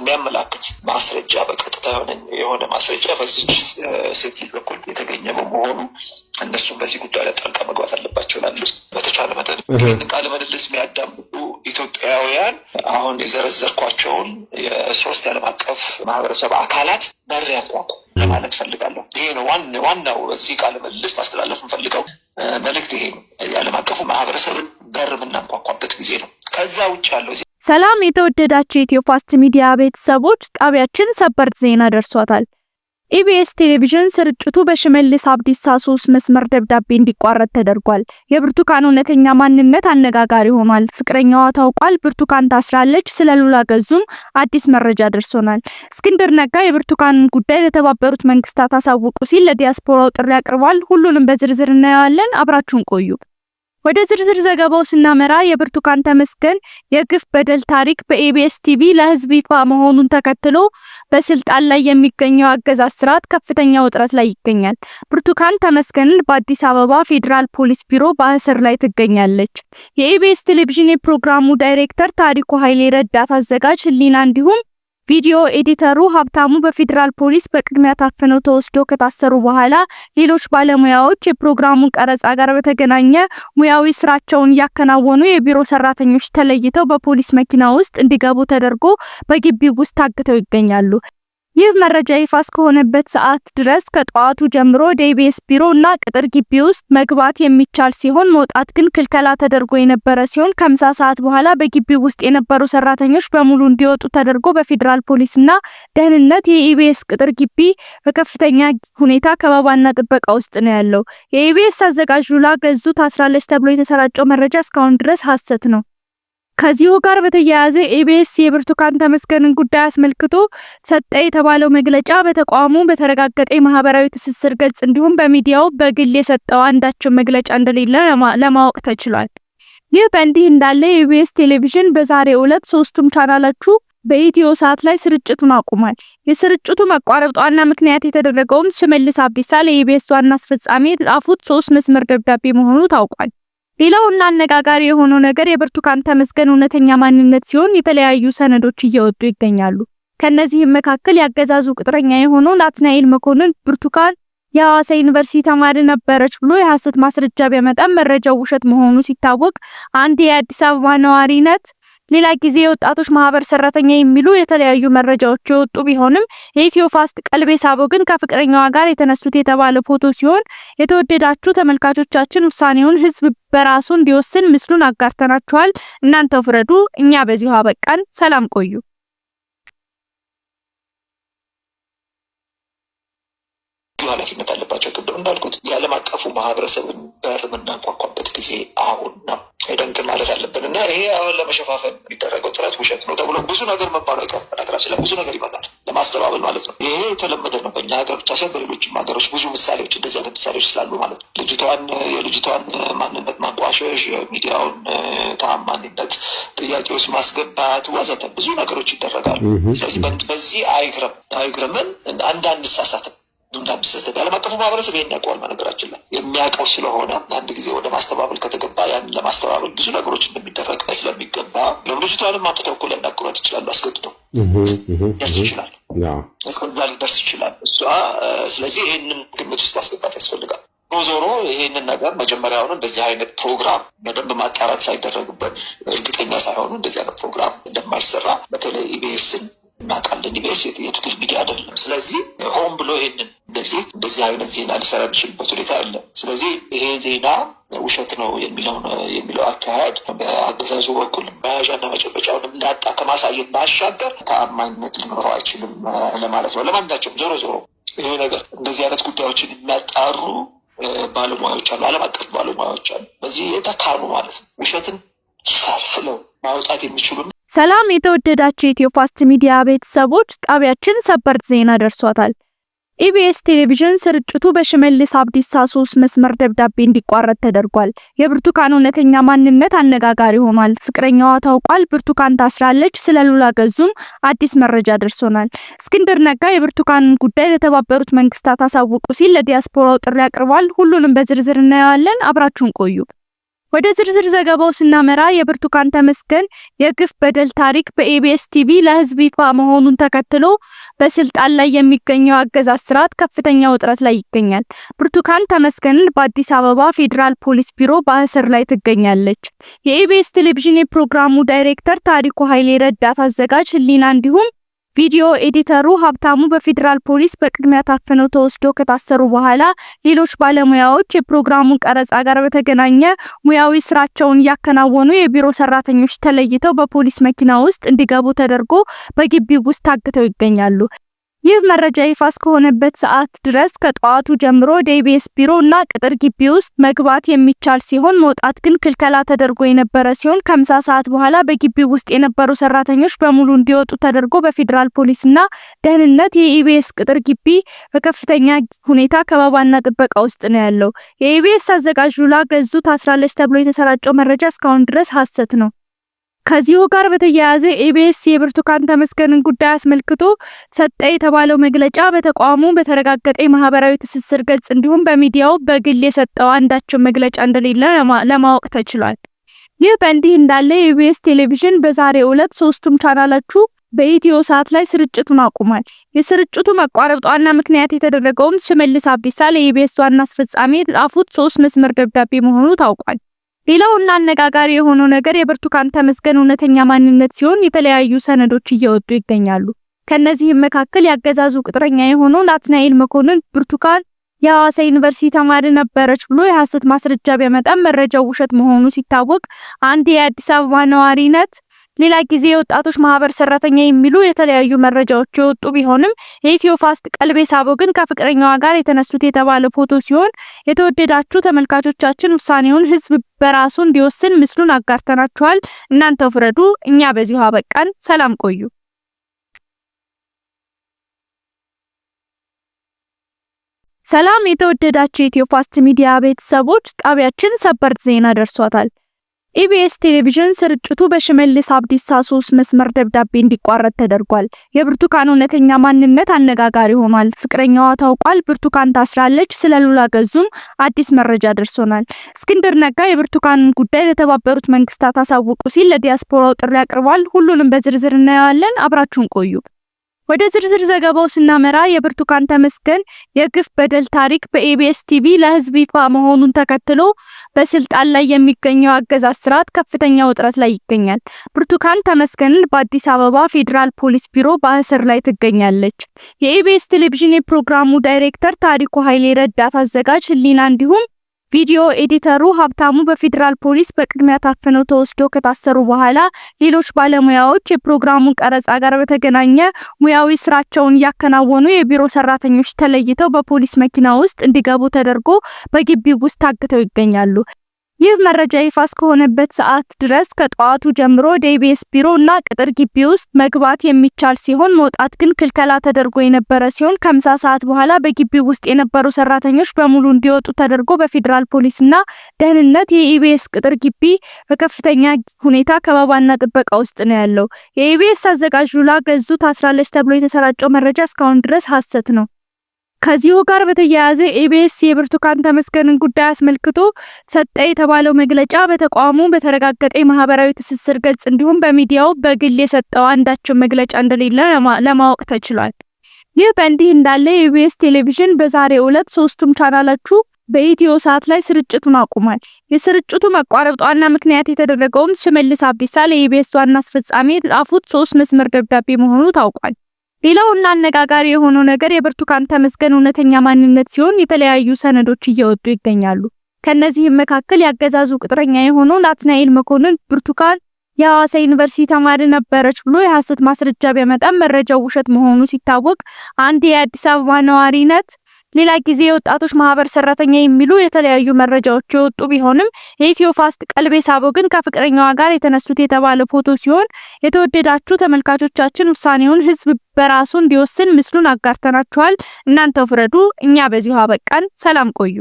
የሚያመላክት ማስረጃ በቀጥታ የሆነ ማስረጃ በዚች ሴት ልጅ በኩል የተገኘ በመሆኑ እነሱም በዚህ ጉዳይ ላይ ጣልቃ መግባት አለባቸው ላሉ በተቻለ መጠን ቃለ ምልልስ የሚያዳምጡ ኢትዮጵያውያን አሁን የዘረዘርኳቸውን የሶስት ዓለም አቀፍ ማህበረሰብ አካላት በር ያንኳኩ ለማለት ፈልጋለሁ። ይሄ ነው ዋናው በዚህ ቃለ ምልልስ ማስተላለፍ እንፈልገው መልእክት ይሄ ነው። የዓለም አቀፉ ማህበረሰብን በር የምናንኳኳበት ጊዜ ነው። ከዛ ውጭ ያለው ሰላም የተወደዳቸው የኢትዮፋስት ሚዲያ ቤተሰቦች፣ ጣቢያችን ሰበር ዜና ደርሷታል። ኢቢኤስ ቴሌቪዥን ስርጭቱ በሽመልስ አብዲሳ ሶስት መስመር ደብዳቤ እንዲቋረጥ ተደርጓል። የብርቱካን እውነተኛ ማንነት አነጋጋሪ ሆኗል። ፍቅረኛዋ ታውቋል፣ ብርቱካን ታስራለች፣ ስለ ሉላ ገዙም አዲስ መረጃ ደርሶናል። እስክንድር ነጋ የብርቱካንን ጉዳይ ለተባበሩት መንግስታት አሳውቁ ሲል ለዲያስፖራው ጥሪ አቅርቧል። ሁሉንም በዝርዝር እናየዋለን። አብራችሁን ቆዩ። ወደ ዝርዝር ዘገባው ስናመራ የብርቱካን ተመስገን የግፍ በደል ታሪክ በኢቢኤስ ቲቪ ለሕዝብ ይፋ መሆኑን ተከትሎ በስልጣን ላይ የሚገኘው አገዛዝ ስርዓት ከፍተኛ ውጥረት ላይ ይገኛል። ብርቱካን ተመስገንን በአዲስ አበባ ፌዴራል ፖሊስ ቢሮ በእስር ላይ ትገኛለች። የኢቢኤስ ቴሌቪዥን የፕሮግራሙ ዳይሬክተር ታሪኩ ኃይሌ ረዳት አዘጋጅ ህሊና እንዲሁም ቪዲዮ ኤዲተሩ ሀብታሙ በፌዴራል ፖሊስ በቅድሚያ ታፍነው ተወስዶ ከታሰሩ በኋላ ሌሎች ባለሙያዎች የፕሮግራሙን ቀረጻ ጋር በተገናኘ ሙያዊ ስራቸውን እያከናወኑ የቢሮ ሰራተኞች ተለይተው በፖሊስ መኪና ውስጥ እንዲገቡ ተደርጎ በግቢው ውስጥ ታግተው ይገኛሉ። ይህ መረጃ ይፋ እስከሆነበት ሰዓት ድረስ ከጠዋቱ ጀምሮ ወደ ኢቢኤስ ቢሮ እና ቅጥር ግቢ ውስጥ መግባት የሚቻል ሲሆን መውጣት ግን ክልከላ ተደርጎ የነበረ ሲሆን ከምሳ ሰዓት በኋላ በግቢ ውስጥ የነበሩ ሰራተኞች በሙሉ እንዲወጡ ተደርጎ በፌዴራል ፖሊስና ደህንነት የኢቢኤስ ቅጥር ግቢ በከፍተኛ ሁኔታ ከበባና ጥበቃ ውስጥ ነው ያለው። የኢቢኤስ አዘጋጅ ሉላ ገዙ ታስራለች ተብሎ የተሰራጨው መረጃ እስካሁን ድረስ ሀሰት ነው። ከዚሁ ጋር በተያያዘ ኢቢኤስ የብርቱካን ተመስገንን ጉዳይ አስመልክቶ ሰጠ የተባለው መግለጫ በተቋሙ በተረጋገጠ የማህበራዊ ትስስር ገጽ እንዲሁም በሚዲያው በግል የሰጠው አንዳቸው መግለጫ እንደሌለ ለማወቅ ተችሏል። ይህ በእንዲህ እንዳለ የኢቢኤስ ቴሌቪዥን በዛሬው ዕለት ሶስቱም ቻናሎቹ በኢትዮ ሰዓት ላይ ስርጭቱን አቁሟል። የስርጭቱ መቋረጥ ዋና ምክንያት የተደረገውም ሽመልስ አብዲሳ ለኢቢኤስ ዋና አስፈጻሚ ላፉት ሶስት መስመር ደብዳቤ መሆኑ ታውቋል። እና አነጋጋሪ የሆነው ነገር የብርቱካን ተመስገን እውነተኛ ማንነት ሲሆን የተለያዩ ሰነዶች እየወጡ ይገኛሉ። ከነዚህም መካከል ያገዛዙ ቅጥረኛ የሆነው ናትናኤል መኮንን ብርቱካን የሐዋሳ ዩኒቨርሲቲ ተማሪ ነበረች ብሎ የሐሰት ማስረጃ ቢያመጣም መረጃው ውሸት መሆኑ ሲታወቅ አንድ የአዲስ አበባ ነዋሪነት ሌላ ጊዜ የወጣቶች ማህበር ሰራተኛ የሚሉ የተለያዩ መረጃዎች የወጡ ቢሆንም የኢትዮ ፋስት ቀልቤ ሳቦ ግን ከፍቅረኛዋ ጋር የተነሱት የተባለ ፎቶ ሲሆን የተወደዳችሁ ተመልካቾቻችን ውሳኔውን ህዝብ በራሱ እንዲወስን ምስሉን አጋርተናችኋል። እናንተ ፍረዱ። እኛ በዚሁ አበቃን። ሰላም ቆዩ። ኃላፊነት አለባቸው። ቅድም እንዳልኩት የዓለም አቀፉ ማህበረሰብን በር የምናንኳኳበት ጊዜ አሁን ነው። ደንት ማለት አለብን እና ይሄ አሁን ለመሸፋፈን የሚደረገው ጥረት ውሸት ነው ተብሎ ብዙ ነገር መባሉ አይቀርም። በነገራችን ላይ ብዙ ነገር ይመጣል ለማስተባበል ማለት ነው። ይሄ የተለመደ ነው በእኛ ሀገር ብቻ ሳይሆን በሌሎችም ሀገሮች ብዙ ምሳሌዎች እንደዚህ አይነት ምሳሌዎች ስላሉ ማለት ነው። ልጅቷን የልጅቷን ማንነት ማንቋሸሽ፣ የሚዲያውን ተአማኒነት ጥያቄ ውስጥ ማስገባት ወዘተ ብዙ ነገሮች ይደረጋሉ። ስለዚህ በዚህ አይግረም አይግረምን እንዳንሳሳትም እንዳንስህተት ዓለም አቀፉ ማህበረሰብ ይሄን ያውቀዋል። በነገራችን ላይ የሚያውቀው ስለሆነ አንድ ጊዜ ወደ ማስተባበል የሚባሉ ብዙ ነገሮች እንደሚደረግ ስለሚገባ በብዙ ዓለም አምጥተው እኮ ሊያናግሯት ይችላሉ። አስገድደው ደርስ ይችላል፣ እስከዛ ሊደርስ ይችላል እሷ። ስለዚህ ይህንን ግምት ውስጥ ማስገባት ያስፈልጋል። ዞሮ ይህንን ነገር መጀመሪያውኑ እንደዚህ አይነት ፕሮግራም በደንብ ማጣራት ሳይደረግበት እርግጠኛ ሳይሆኑ እንደዚህ አይነት ፕሮግራም እንደማይሰራ በተለይ ኢቢኤስን እናውቃለን። ኢቢኤስ የትግል ሚዲያ አይደለም። ስለዚህ ሆን ብሎ ይህንን እንደዚህ እንደዚህ አይነት ዜና ሊሰራ የሚችልበት ሁኔታ አለ። ስለዚህ ይሄ ዜና ውሸት ነው የሚለው የሚለው አካሄድ በአገዛዙ በኩል መያዣና መጨበጫውን እንዳጣ ከማሳየት ባሻገር ተአማኝነት ሊኖረው አይችልም ለማለት ነው። ለማንኛቸውም ዞሮ ዞሮ ይሄ ነገር እንደዚህ አይነት ጉዳዮችን የሚያጣሩ ባለሙያዎች አሉ፣ ዓለም አቀፍ ባለሙያዎች አሉ። በዚህ የተካኑ ማለት ነው ውሸትን ፈልፍለው ማውጣት የሚችሉ ሰላም የተወደዳቸው የኢትዮ ፋስት ሚዲያ ቤተሰቦች ጣቢያችን ሰበር ዜና ደርሷታል። ኢቢኤስ ቴሌቪዥን ስርጭቱ በሽመልስ አብዲሳ ሶስት መስመር ደብዳቤ እንዲቋረጥ ተደርጓል። የብርቱካን እውነተኛ ማንነት አነጋጋሪ ሆኗል። ፍቅረኛዋ ታውቋል፣ ብርቱካን ታስራለች፣ ስለ ሉላ ገዙም አዲስ መረጃ ደርሶናል። እስክንድር ነጋ የብርቱካንን ጉዳይ ለተባበሩት መንግስታት አሳውቁ ሲል ለዲያስፖራው ጥሪ አቅርቧል። ሁሉንም በዝርዝር እናየዋለን። አብራችሁን ቆዩ። ወደ ዝርዝር ዘገባው ስናመራ የብርቱካን ተመስገን የግፍ በደል ታሪክ በኤቢኤስ ቲቪ ለሕዝብ ይፋ መሆኑን ተከትሎ በስልጣን ላይ የሚገኘው አገዛዝ ስርዓት ከፍተኛ ውጥረት ላይ ይገኛል። ብርቱካን ተመስገንን በአዲስ አበባ ፌዴራል ፖሊስ ቢሮ በእስር ላይ ትገኛለች። የኢቢኤስ ቴሌቪዥን የፕሮግራሙ ዳይሬክተር ታሪኩ ኃይሌ ረዳት አዘጋጅ ህሊና እንዲሁም ቪዲዮ ኤዲተሩ ሀብታሙ በፌዴራል ፖሊስ በቅድሚያ ታፍነው ተወስዶ ከታሰሩ በኋላ ሌሎች ባለሙያዎች የፕሮግራሙን ቀረጻ ጋር በተገናኘ ሙያዊ ስራቸውን እያከናወኑ የቢሮ ሰራተኞች ተለይተው በፖሊስ መኪና ውስጥ እንዲገቡ ተደርጎ በግቢው ውስጥ ታግተው ይገኛሉ። ይህ መረጃ ይፋ እስከሆነበት ሰዓት ድረስ ከጠዋቱ ጀምሮ ወደ ኢቢኤስ ቢሮ እና ቅጥር ግቢ ውስጥ መግባት የሚቻል ሲሆን መውጣት ግን ክልከላ ተደርጎ የነበረ ሲሆን ከምሳ ሰዓት በኋላ በግቢ ውስጥ የነበሩ ሰራተኞች በሙሉ እንዲወጡ ተደርጎ በፌዴራል ፖሊስና ደህንነት የኢቢኤስ ቅጥር ግቢ በከፍተኛ ሁኔታ ከበባና ጥበቃ ውስጥ ነው ያለው። የኢቢኤስ አዘጋጅ ሉላ ገዙ ታስራለች ተብሎ የተሰራጨው መረጃ እስካሁን ድረስ ሀሰት ነው። ከዚሁ ጋር በተያያዘ ኤቢኤስ የብርቱካን ተመስገንን ጉዳይ አስመልክቶ ሰጠ የተባለው መግለጫ በተቋሙ በተረጋገጠ የማህበራዊ ትስስር ገጽ እንዲሁም በሚዲያው በግል የሰጠው አንዳቸው መግለጫ እንደሌለ ለማወቅ ተችሏል። ይህ በእንዲህ እንዳለ የኢቢኤስ ቴሌቪዥን በዛሬ ዕለት ሶስቱም ቻናሎቹ በኢትዮ ሰዓት ላይ ስርጭቱን አቁሟል። የስርጭቱ መቋረጥ ዋና ምክንያት የተደረገውም ሽመልስ አብዲሳ ለኢቢኤስ ዋና አስፈጻሚ ላፉት ሶስት መስመር ደብዳቤ መሆኑ ታውቋል። ሌላውና አነጋጋሪ የሆነው ነገር የብርቱካን ተመስገን እውነተኛ ማንነት ሲሆን የተለያዩ ሰነዶች እየወጡ ይገኛሉ። ከነዚህም መካከል ያገዛዙ ቅጥረኛ የሆነው ናትናኤል መኮንን ብርቱካን የሐዋሳ ዩኒቨርሲቲ ተማሪ ነበረች ብሎ የሐሰት ማስረጃ ቢያመጣም መረጃው ውሸት መሆኑ ሲታወቅ አንድ የአዲስ አበባ ነዋሪነት ሌላ ጊዜ የወጣቶች ማህበር ሰራተኛ የሚሉ የተለያዩ መረጃዎች የወጡ ቢሆንም የኢትዮ ፋስት ቀልቤ ሳቦ ግን ከፍቅረኛዋ ጋር የተነሱት የተባለ ፎቶ ሲሆን የተወደዳችሁ ተመልካቾቻችን ውሳኔውን ህዝብ በራሱ እንዲወስን ምስሉን አጋርተናችኋል። እናንተ ፍረዱ። እኛ በዚሁ አበቃን። ሰላም ቆዩ። ሰላም የተወደዳችሁ የኢትዮ ፋስት ሚዲያ ቤተሰቦች፣ ጣቢያችን ሰበር ዜና ደርሷታል። ኢቢኤስ ቴሌቪዥን ስርጭቱ በሽመልስ አብዲሳ ሶስት መስመር ደብዳቤ እንዲቋረጥ ተደርጓል። የብርቱካን እውነተኛ ማንነት አነጋጋሪ ሆኗል። ፍቅረኛዋ ታውቋል፣ ብርቱካን ታስራለች፣ ስለ ሉላ ገዙም አዲስ መረጃ ደርሶናል። እስክንድር ነጋ የብርቱካንን ጉዳይ ለተባበሩት መንግስታት አሳውቁ ሲል ለዲያስፖራው ጥሪ አቅርቧል። ሁሉንም በዝርዝር እናየዋለን። አብራችሁን ቆዩ። ወደ ዝርዝር ዘገባው ስናመራ የብርቱካን ተመስገን የግፍ በደል ታሪክ በኢቢኤስ ቲቪ ለሕዝብ ይፋ መሆኑን ተከትሎ በስልጣን ላይ የሚገኘው አገዛዝ ስርዓት ከፍተኛ ውጥረት ላይ ይገኛል። ብርቱካን ተመስገንን በአዲስ አበባ ፌዴራል ፖሊስ ቢሮ በእስር ላይ ትገኛለች። የኢቢኤስ ቴሌቪዥን የፕሮግራሙ ዳይሬክተር ታሪኩ ኃይሌ ረዳት አዘጋጅ ህሊና እንዲሁም ቪዲዮ ኤዲተሩ ሀብታሙ በፌዴራል ፖሊስ በቅድሚያ ታፍነው ተወስዶ ከታሰሩ በኋላ ሌሎች ባለሙያዎች የፕሮግራሙን ቀረጻ ጋር በተገናኘ ሙያዊ ስራቸውን እያከናወኑ የቢሮ ሰራተኞች ተለይተው በፖሊስ መኪና ውስጥ እንዲገቡ ተደርጎ በግቢው ውስጥ ታግተው ይገኛሉ። ይህ መረጃ ይፋ እስከሆነበት ሰዓት ድረስ ከጠዋቱ ጀምሮ ወደ ኢቢኤስ ቢሮ እና ቅጥር ግቢ ውስጥ መግባት የሚቻል ሲሆን መውጣት ግን ክልከላ ተደርጎ የነበረ ሲሆን ከምሳ ሰዓት በኋላ በግቢ ውስጥ የነበሩ ሰራተኞች በሙሉ እንዲወጡ ተደርጎ በፌዴራል ፖሊስና ደህንነት የኢቢኤስ ቅጥር ግቢ በከፍተኛ ሁኔታ ከበባና ጥበቃ ውስጥ ነው ያለው። የኢቢኤስ አዘጋጅ ሉላ ገዙ ታስራለች ተብሎ የተሰራጨው መረጃ እስካሁን ድረስ ሀሰት ነው። ከዚሁ ጋር በተያያዘ ኢቢኤስ የብርቱካን ተመስገንን ጉዳይ አስመልክቶ ሰጠ የተባለው መግለጫ በተቋሙ በተረጋገጠ የማህበራዊ ትስስር ገጽ እንዲሁም በሚዲያው በግል የሰጠው አንዳቸው መግለጫ እንደሌለ ለማወቅ ተችሏል። ይህ በእንዲህ እንዳለ የኢቢኤስ ቴሌቪዥን በዛሬ ዕለት ሶስቱም ቻናሎቹ በኢትዮ ሰዓት ላይ ስርጭቱን አቁሟል። የስርጭቱ መቋረጥ ዋና ምክንያት የተደረገውም ሽመልስ አብዲሳ ለኢቢኤስ ዋና አስፈጻሚ ላፉት ሶስት መስመር ደብዳቤ መሆኑ ታውቋል። ሌላው እና አነጋጋሪ የሆነው ነገር የብርቱካን ተመስገን እውነተኛ ማንነት ሲሆን የተለያዩ ሰነዶች እየወጡ ይገኛሉ። ከነዚህም መካከል ያገዛዙ ቅጥረኛ የሆነው ናትናኤል መኮንን ብርቱካን የሐዋሳ ዩኒቨርሲቲ ተማሪ ነበረች ብሎ የሐሰት ማስረጃ ቢያመጣም መረጃው ውሸት መሆኑ ሲታወቅ አንድ የአዲስ አበባ ነዋሪነት ሌላ ጊዜ የወጣቶች ማህበር ሰራተኛ የሚሉ የተለያዩ መረጃዎች የወጡ ቢሆንም የኢትዮ ፋስት ቀልቤ ሳቦ ግን ከፍቅረኛዋ ጋር የተነሱት የተባለ ፎቶ ሲሆን የተወደዳችሁ ተመልካቾቻችን ውሳኔውን ህዝብ በራሱ እንዲወስን ምስሉን አጋርተናችኋል። እናንተ ፍረዱ። እኛ በዚሁ አበቃን። ሰላም ቆዩ።